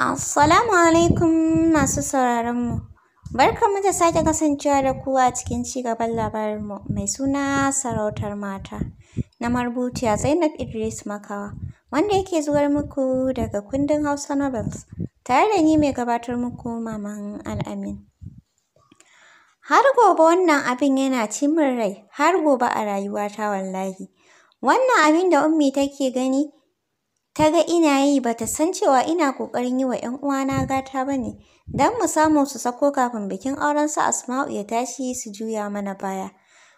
Assalamu alaikum masu sauraronmu. Barkanmu da sake kasancewa da ku a cikin cigaban labarinmu mai suna sarautar mata na a Zainab Idris Makawa wanda yake zuwar muku daga kundin Hausa Novels tare da ni mai gabatar muku Maman Al'amin. Har gobe wannan abin yana cimin rai har gobe a rayuwata wallahi. Wannan abin da Ummi take gani ta ga ina yi ba ta san cewa ina ƙoƙarin yi wa 'yan uwana gata ba ne, don mu samu su sako kafin bikin auren su Asma'u ya tashi su juya mana baya.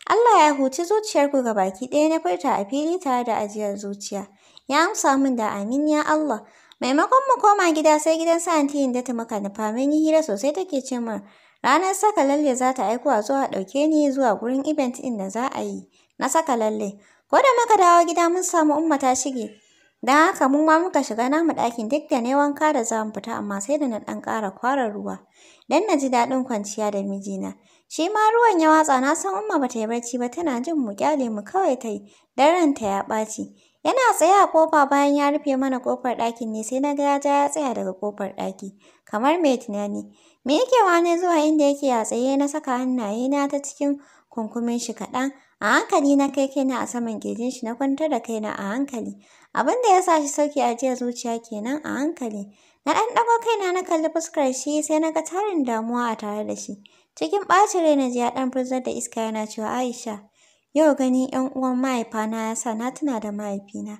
Allah ya huci zuciyarku ga baki ɗaya na furta a fili tare da ajiyar zuciya. Ya amsa min da amin ya Allah. Maimakon mu koma gida sai gidan sa anti da ta maka nufa mun yi hira sosai take ce min ranar saka lalle za ta aiko a zuwa ɗauke ni zuwa gurin event ɗin da za a yi. Na saka lalle. Ko da muka dawo gida mun samu umma ta shige. Don haka mu ma muka shiga namu ɗakin duk da ne wanka da za mu fita amma sai da na ɗan ƙara kwara ruwa. dan na ji daɗin kwanciya da mijina. Shi ma ruwan ya watsa na san Umma ba ta yi barci ba tana jin mu kyale mu kawai ta yi don ranta ya ɓaci. Yana tsaye a ƙofa bayan ya rufe mana ƙofar ɗakin ne sai na ga ya ja ya tsaya daga ƙofar ɗaki kamar mai tunani. Me yake wane zuwa inda yake a tsaye na saka hannaye na ta cikin kunkumin shi kaɗan A hankali na kai kaina a saman kirjin shi na kwantar da kaina a hankali. Abinda ya sa shi sauki a jiya zuciya kenan a hankali. Na ɗan ɗago kaina na kalli fuskar shi sai na ga tarin damuwa a tare da shi. Cikin ɓacin rai na ji ya ɗan furzar da iska yana cewa Aisha, yau ganin ‘yan uwan mahaifana ya sa na tuna da mahaifina.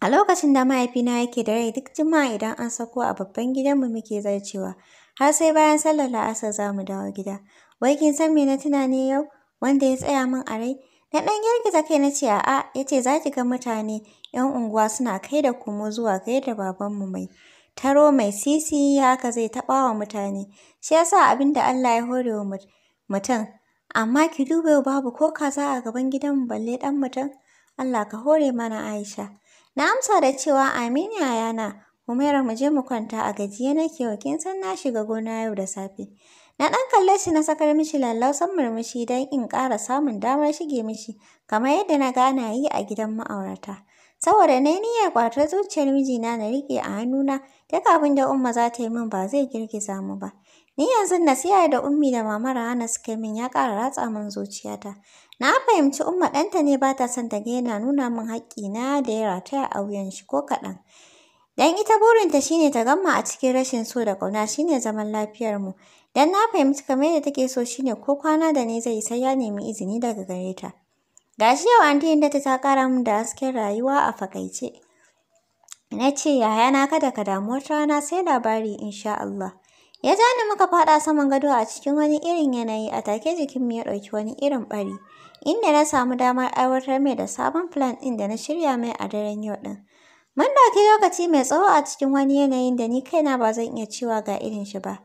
A lokacin da mahaifina yake da rai duk juma'a idan an sako a babban gidanmu muke zarcewa, har sai bayan sallar la'asar za mu dawo gida. Wai kin san me na tuna ne yau? wanda ya tsaya min a rai. Na ɗan girgiza kai na ce a'a ya ce za ki ga mutane 'yan unguwa suna kai da komo zuwa ga yadda babanmu mai taro mai sisi haka zai taɓa wa mutane. Shi ya sa abin da Allah ya hore wa mutum. Amma ki duba babu ko kaza a gaban gidanmu balle ɗan mutum. Allah ka hore mana Aisha. Na amsa da cewa amin yayana. umaira mu je mu kwanta a gajiye nake wa kin san na shiga gona yau da safe. Na ɗan kalle shi na sakar mishi lallausan murmushi don in ƙara samun damar shige mishi, kamar yadda na gana yi a gidan ma'aurata. Saboda na yi niyyar ƙwatar zuciyar mijina na riƙe a hannuna, duk kafin da Umma za ta yi min ba zai girgiza mu ba. Ni yanzu nasiha da Ummi da Mama Rahana suka min ya ƙara ratsa min zuciyata. Na fahimci Umma ɗanta ne ba ta son ta ga yana nuna min na da ya rataya a wuyan shi ko kaɗan. Dan ita burinta shine ta gama a cikin rashin so da kauna shine zaman lafiyar mu, Dan na fahimci kamar yadda take so shine ko kwana da ni zai sai ya nemi izini daga gare ta. Gashi yau anti Hindata ta ƙara min da hasken rayuwa a fakaice. Na ce na kada ka damu wata rana sai labari insha Allah. Ya ja ni muka faɗa saman gado a cikin wani irin yanayi a take jikin mu ya ɗauki wani irin bari, inda na samu damar aiwatar mai da sabon plan ɗin da na shirya mai a daren yau ɗin. Mun ɗauki lokaci mai tsawo a cikin wani yanayin da ni kaina ba zan iya cewa ga irin shi ba.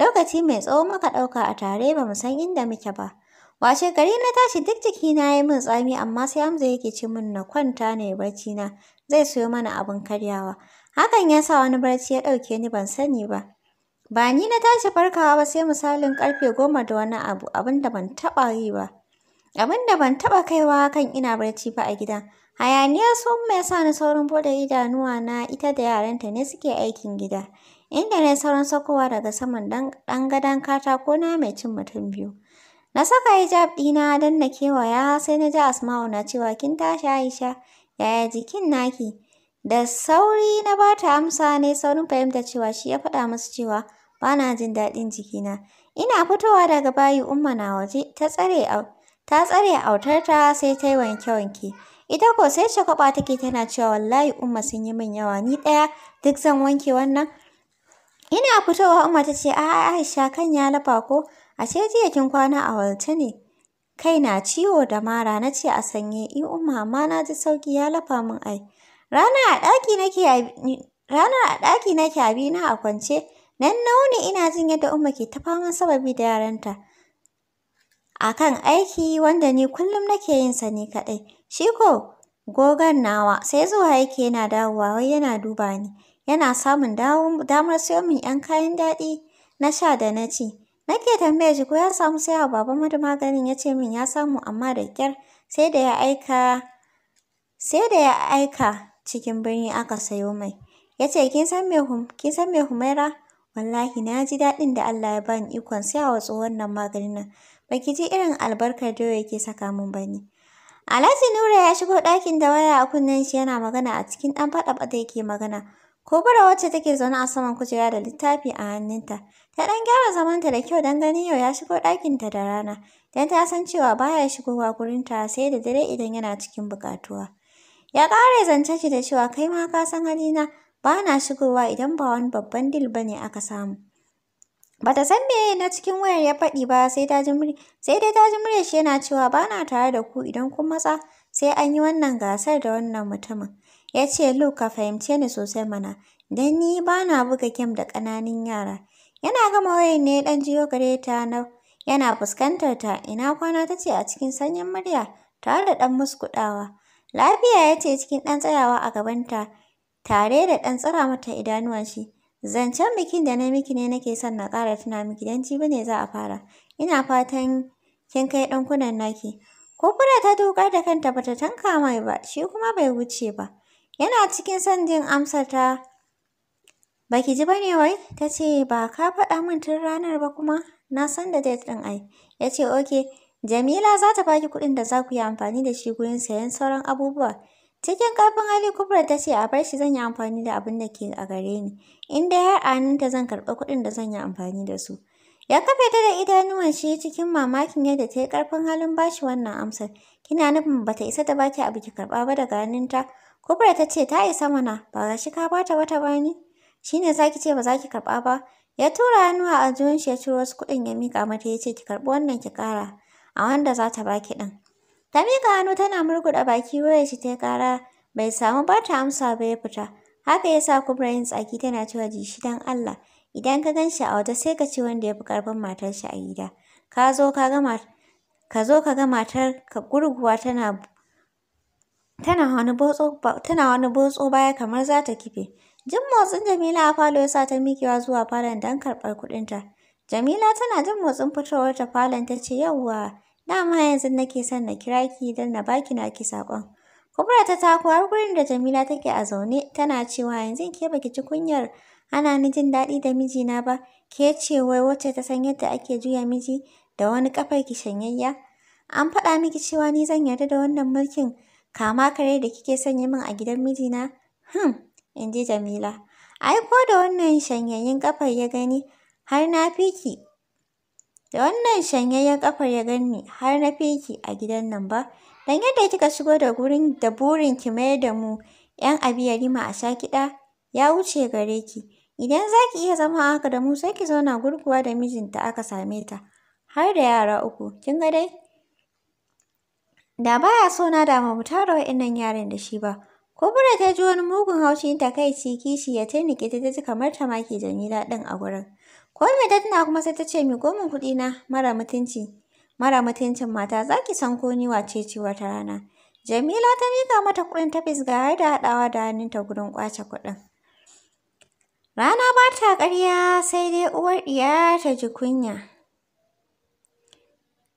Lokaci mai tsawo muka ɗauka a tare ba mu san inda muke ba. Washe gari na tashi duk jikina ya yi min tsami amma sai Hamza yake ce min na kwanta na yi barci na zai siyo mana abin karyawa. Hakan ya sa wani barci ya ɗauke ni ban sani ba. Ba ni na tashi farkawa ba sai misalin ƙarfe goma da wani abu abinda ban taɓa yi ba. Abinda ban taɓa kaiwa hakan ina barci ba a gidan. Hayaniyar su Umma ya sa ni saurin bude idanuwa na ita da yarenta ne suke aikin gida. Inda na saurin sakowa daga saman dan gadon katako na mai cin mutum biyu. Na saka hijab ɗina don na kewaya sai na ji Asma'u na cewa kin tashi Aisha, yaya jikin naki? Da sauri na ba ta amsa ne saurin fahimta cewa shi ya faɗa musu cewa ba na jin daɗin jikina. Ina fitowa daga bayi Umma na waje ta tsare autarta sai ta yi wanke-wanke. Ita ko sai shagwaba take tana cewa wallahi umma sun yi min yawa ni ɗaya duk zan wanke wannan. Ina fitowa umma ta ce a'a Aisha kan ya lafa ko A ce jiya kin kwana a walta ne. Kai na ciwo da mara na ce a sanye i umma amma na ji sauki ya lafa min ai. Ranar a ɗaki nake ranar a ɗaki nake na a kwance nan na ina jin yadda umma ke ta faman sababi da yaranta a kan aiki wanda ni kullum nake yin sa ni kaɗai Shi ko gogon nawa sai zuwa yake yana dawowa wai yana duba ni. Yana samun damar siyo min 'yan kayan daɗi na sha da na ci. Nake tambayar shi ko ya samu sai wa Baba Madu maganin ya ce min ya samu amma da kyar sai da ya aika cikin birni aka sayo mai. Ya ce kin san me kin san me Humaira? Wallahi na ji daɗin da Allah ya bani ikon siya wa tsohon nan maganin nan. Ba ki ji irin albarkar da yake saka min ba ne. Alhaji Nura ya shigo ɗakin da waya a kunnen shi yana magana a cikin ɗan fada da yake magana. ko Kobura wacce take zaune a saman kujera da littafi a hannunta. Ta ɗan gyara zamanta da kyau don ganin yau ya shigo ɗakinta da rana. Don ta san cewa baya shigowa gurin ta sai da dare idan yana cikin bukatuwa. Ya ƙara zance shi da cewa kai ma ka san halina ba na shigowa idan ba wani babban dil bane aka samu. Bata san me na cikin wayar ya faɗi ba sai ta ji sai dai ta ji muryar shi yana cewa ba na tare da ku idan kun matsa sai an yi wannan gasar da wannan mutumin. Ya ce Luke ka fahimce ni sosai mana don ni ba na buga game da ƙananun yara. Yana gama wayar ne dan jiyo gare ta na yana fuskantar ta ina kwana ta ce a cikin sanyin murya tare da ɗan muskuɗawa. Lafiya ya ce cikin ɗan tsayawa a gabanta tare da ɗan tsira mata idanuwan shi. Zancen bikin da na miki ne nake son na ƙara tuna miki don ci ne za a fara. Ina fatan kin kai ɗankunan naki. kokura ta dokar da kanta bata tanka mai ba, shi kuma bai wuce ba. Yana cikin son jin amsar ta. Baki ji ne, wai? Ta ce ba ka faɗa min tun ranar ba kuma na san da date ɗin ai. Ya ce okay, Jamila za ta baki kuɗin da za ku yi amfani da shi gurin sayen sauran abubuwa. Cikin ƙarfin hali Kubra ta ce a bar shi zan yi amfani da abin da ke a gare ni. In dai har a zan karɓi kuɗin da zan yi amfani da su. Ya kafe ta da idanuwan shi cikin mamakin yadda ta yi ƙarfin halin bashi, wannan amsar. Kina nufin bata isa ta baki abu ki karɓa ba daga ganinta Kubra ta ce ta isa mana ba ga shi ka bata wata bani. Shi ne za ki ce ba za ki karɓa ba. Ya tura hannuwa a aljihun shi ya ciro wasu kuɗin ya mika mata ya ce ki karɓi wannan ki ƙara. a wanda za ta baki ɗin. Ta miƙa hannu tana murguɗa baki wayar shi ta ƙara bai samu ba ta amsa ba ya fita. Haka ya sa Kubra yin tsaki tana cewa jishi don Allah idan ka gan a waje sai ka ce wanda ya fi ƙarfin matar shi a gida. Ka zo ka ga ka zo ka ga matar ka gurguwa tana tana wani botso tana wani botso baya kamar za ta kife. Jin motsin Jamila a falo ya sa ta miƙewa zuwa falon don karɓar ta. Jamila tana jin motsin fitowar ta falon ta ce yauwa Dama yanzu nake son na kira ki don na baki na ki saƙon. Kubura ta tako har gurin da Jamila take a zaune tana cewa yanzu ke baki ji kunyar ana ni jin daɗi da mijina ba ke ce wai wacce ta san yadda ake juya miji da wani kafar ki shanyayya. An faɗa miki cewa ni zan yarda da wannan mulkin kama kare da kike sanya min a gidan mijina? Hmm, in ji Jamila. Ai ko da wannan shanyayyin kafar ya gani har na fiki. Da wannan shanyayyen ƙafar ya ganni har na fiki a gidan nan ba. Dan yadda kika shigo da gurin da burin ki mayar da mu 'yan abiyarima a sha kiɗa ya wuce gare ki. Idan za ki iya zama haka da mu sai ki zauna gurguwa da mijinta aka same ta. Har da yara uku, kin ga dai? Da baya so na da ba mu tara wa'innan yaran da shi ba. Kubura ta ji wani mugun haushin takaici kishi ya turnike ta ta ji kamar ta ma ke Jamila ɗin a gurin. Ko mai dadina kuma sai ta ce mai gomin kuɗi na mara mutunci. Mara mutuncin mata za ki san ko ni wace ce wata rana. Jamila ta miƙa mata kuɗin ta fisga har da haɗawa da hannunta gurin ƙwace kuɗin. Rana ba ta ƙarya sai dai uwar ɗiya ta ji kunya.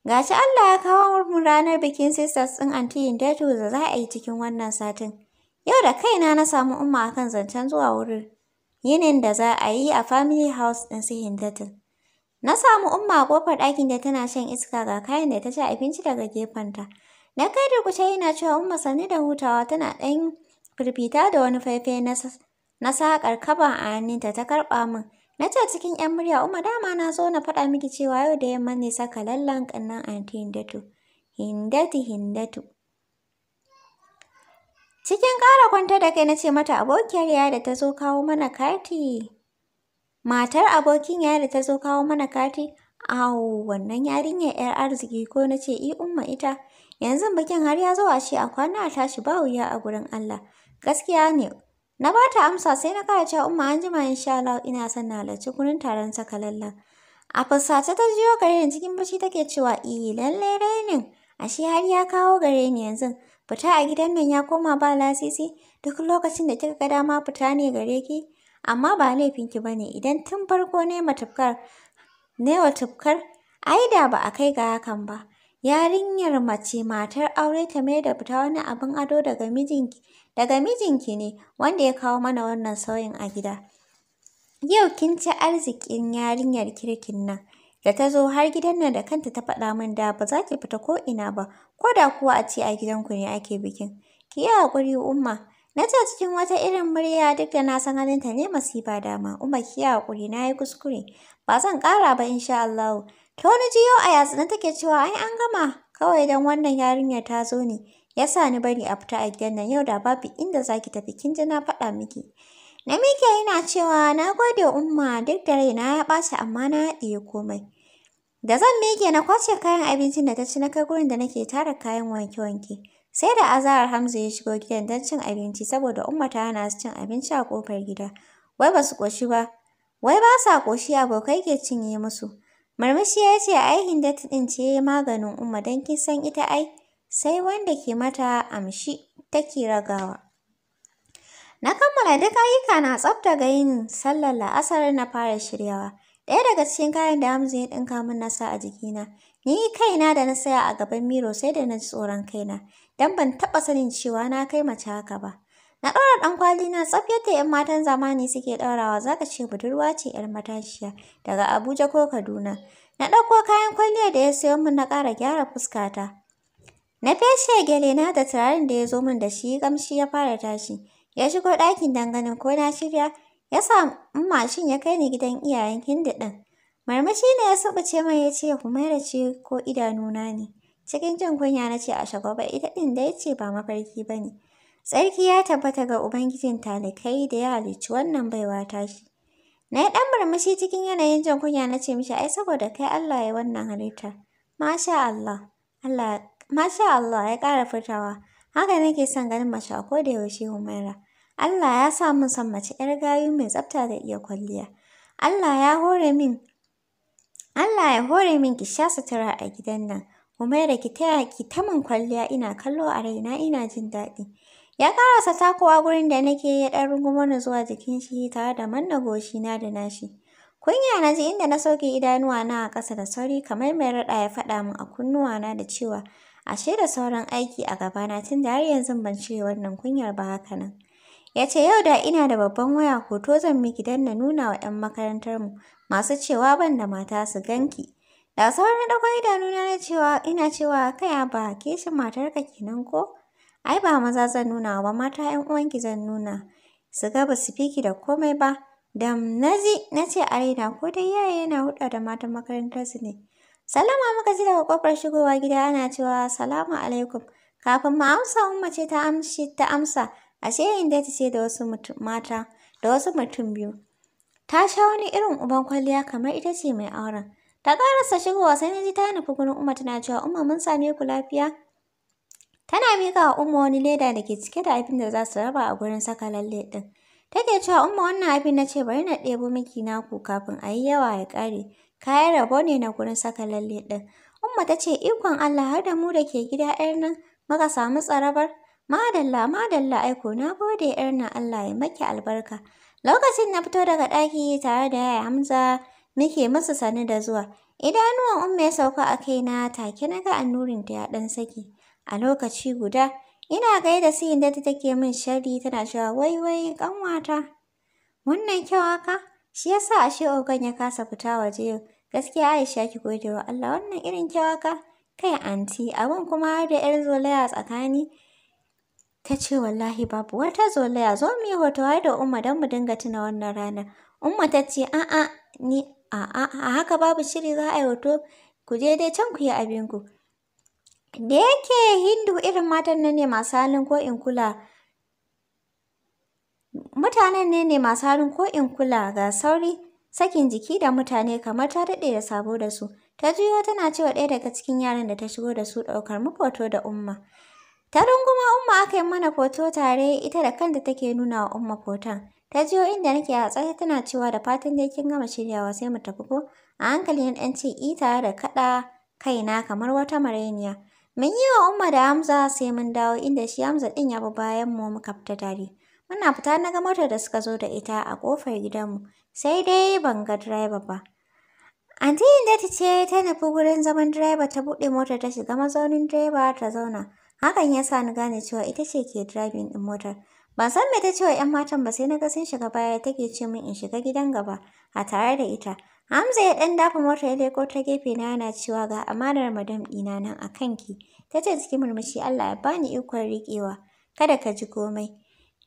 Ga shi Allah ya kawo mu ranar bikin sisters ɗin anti Hindatu da za a yi cikin wannan satin. Yau da kaina na samu umma akan zancen zuwa wurin yinin da za a yi a family house ɗin su Hindatu. Na samu umma a ƙofar ɗakin da tana shan iska ga kayan da ta ci abinci daga gefenta. Na kai da kuce yana cewa umma sannu da hutawa tana ɗan firfita da wani faifai na saƙar kaban a hannunta ta karɓa min. Na ce cikin 'yan murya umma dama na zo na faɗa miki cewa yau da yamma ne saka lallan ƙannan anti Hindatu. Hindatu Hindatu. Cikin ƙara kwanta da kai na ce mata abokiyar ya da ta zo kawo mana kati. Matar abokin yada da ta zo kawo mana kati, awo wannan yarinyar 'yar arziki ko na ce i eh, umma ita, yanzu bikin har ya zo a ce a kwana a tashi ba wuya a gurin Allah. Gaskiya ne, na ba ta amsa sai na kara cewa umma an jima sha Allah ina son na halarci gurin taron sakalalla. A fusace ta jiyo gare ni cikin bashi take cewa i eh, lallai rainin. ashe har ya kawo gare ni yanzu fita a gidan nan ya koma ba lasisi duk lokacin da kika ga dama fita ne gare ki amma ba laifinki ba ne idan tun farko ne matufkar ne wa tufkar ai da ba a kai ga hakan ba yarinyar mace matar aure ta mai da fita wani abin ado daga mijinki daga mijinki ne wanda ya kawo mana wannan sauyin a gida yau kin ci arzikin yarinyar kirkin nan Da ta zo har gidan nan da kanta ta faɗa min da ba za ki fita ko ina ba, ko da kuwa a ce a gidanku ne ake bikin. Ki yi haƙuri Umma. Na ce cikin wata irin murya duk da na san halinta ne masifa dama. Umma ki yi haƙuri na yi kuskure. Ba zan ƙara ba insha Allahu. Ta wani jiyo a na take cewa ai an gama kawai don wannan yarinyar ta zo ne. Ya sa ni bari a fita a gidan nan yau da babu inda za ki tafi kin ji na faɗa miki. Na miƙe yana cewa na gode umma duk da raina ya ɓaci amma na haɗiye komai. Da zan miƙe na kwace kayan abincin da ta ci na kai gurin da nake tara kayan wanke-wanke. Sai da azahar Hamza ya shigo gidan don cin abinci saboda umma ta hana su cin abinci a ƙofar gida. Wai ba su ƙoshi ba. Wai ba sa ƙoshi abokai ke cinye musu. Murmushi ya ce ai Hindatu ɗin ce maganin umma don kin san ita ai sai wanda ke mata amshi take ragawa. Na kammala duk ayyuka na tsaf ga yin sallar la'asar na fara shiryawa. Ɗaya daga cikin kayan da Hamza ya ɗinka min na sa a jikina. Ni kaina da na saya a gaban miro sai da na ji tsoron kaina, don ban taɓa sanin cewa na kai mace haka ba. Na ɗaura ɗan na tsaf yadda 'yan matan zamani suke ɗaurawa za ka ce budurwa ce 'yar matashiya daga Abuja ko Kaduna. Na ɗauko kayan kwalliya da ya siyo min na ƙara gyara fuskata. Na feshe gele na da turaren da ya zo min da shi ƙamshi ya fara tashi. Ya shigo ɗakin don ko na shirya, ya samu mashin ya kai ni gidan iyayen Hindi ɗin. Marmashi ne ya subuce mai ya ce Humaira ce ko idanuna ne. Cikin jin kunya na ce shagwaba ita ɗin da ya ce ba mafarki ba ne. Tsarki ya tabbata ga Ubangijin talikai da ya halicci wannan baiwa tashi. Na yi ɗan marmashi cikin yanayin jin kunya na ce mishi ai saboda kai Allah ya wannan halitta. Masha Allah. Masha Allah ya ƙara furtawa. Haka nake son ganin mace a koda yaushe Humaira. Allah ya sa mun son mace 'yar gayu mai tsafta da iya kwalliya. Allah ya hore min Allah ya hore min ki sha sutura a gidan nan. Humaira ki taya ki ta min kwalliya ina kallo a raina ina jin daɗi. Ya karasa takowa gurin da nake ya ɗan rungumo ni zuwa jikin shi tare da manna na da nashi. Kunya na ji inda na soke idanuwa na a ƙasa da sauri kamar mai raɗa ya faɗa min a kunnuwa na da cewa ashe da sauran aiki a gabana tun da har yanzu ban cire wannan kunyar ba haka nan. Ya ce yau da ina da babban waya hoto zan miki don na nuna wa 'yan makarantar mu masu cewa ban da mata su ganki. Da sauran na da nuna na cewa ina cewa kai ba kishin matarka kenan ko? Ai ba maza zan nuna ba mata 'yan uwanki zan nuna. Su ga ba su fiki da komai ba. Dam nazi na ce a raina ko dai yaye yana hulɗa da matan makarantarsu ne. salama muka ji daga ƙofar shigowa gida ana cewa salamu alaikum. Kafin mu amsa Umma ce ta amshi ta amsa ashe ta ce da wasu mata da wasu mutum biyu. Ta sha wani irin uban kwalliya kamar ita ce mai auren. Ta ƙarasa shigowa sai na ji ta nufi gurin Umma tana cewa Umma mun same ku lafiya. Tana miƙa wa Umma wani leda da ke cike da abin da za su raba a gurin saka lalle ɗin. Take cewa Umma wannan abin na ce bari na ɗebo miki naku kafin a yi yawa ya ƙare. Kayan rabo ne na gurin saka lalle ɗin. Umma ta ce ikon Allah har da mu da ke gida ‘yar nan muka samu tsarabar. Madalla madalla aiko na gode ‘yar nan Allah ya maki albarka. Lokacin na fito daga ɗaki tare da yaya Hamza muke musu sani da zuwa. Idanuwan Umma ya sauka a kaina take na ga annurinta ya ɗan saki. A lokaci guda, ina gaida siyin da ta take min sharri tana cewa wai wai ƙanwata. Wannan kyau haka, shi yasa ashe ogan ya kasa fita waje yau. Gaskiya Aisha ki gode wa Allah wannan irin kyawaka. Kai anti abin kuma da 'yar zolaya tsakani. Ta ce wallahi babu wata zolaya zo mu yi hoto har da Umma don mu dinga tuna wannan ranar. Umma ta ce a'a ni a'a a haka babu shiri za a yi hoto ku je dai can ku yi abinku. Da yake Hindu irin matan nan ne masu halin ko in kula. Mutanen ne ne masu halin ko in kula ga sauri. sakin jiki da mutane kamar ta daɗe da sabo da su. Ta juyo tana cewa ɗaya daga cikin yaran da ta shigo da su ɗaukar mu foto da Umma. Ta runguma Umma aka yi mana foto tare ita da kanta take nuna wa Umma foton. Ta juyo inda nake a tsaye tana cewa da fatan dai kin gama shiryawa sai mu tafi ko? A hankali na ɗan ce i tare da kaɗa kai na kamar wata mareniya. Mun yi wa Umma da Hamza sai mun dawo inda shi Hamza ɗin ya bi bayan mu muka fita tare. Muna fita na ga motar da suka zo da ita a ƙofar gidanmu. sai dai ban ga direba ba. Anti ta ce ta nufi gurin zaman direba ta buɗe motar ta shiga mazaunin direba ta zauna. Hakan ya sa ni gane cewa ita ce ke driving ɗin motar. Ban san me ta ce wa 'yan matan ba sai na ga sun shiga baya take ce min in shiga gidan gaba a tare da ita. Hamza ya ɗan dafa motar ya leko ta gefe na yana cewa ga amanar madam ɗina nan a kanki. Ta ce cikin murmushi Allah ya bani ikon riƙewa. Kada ka ji komai.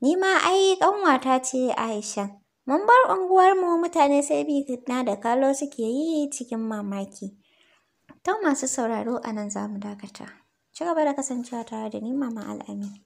Ni ma ai ƙanwata ce Aisha. Mun bar unguwarmu mutane sai bi da kalo suke yi cikin mamaki. Ta masu sauraro a nan za mu dakata. Ci gaba da kasancewa tare da ni Mama Al'amin.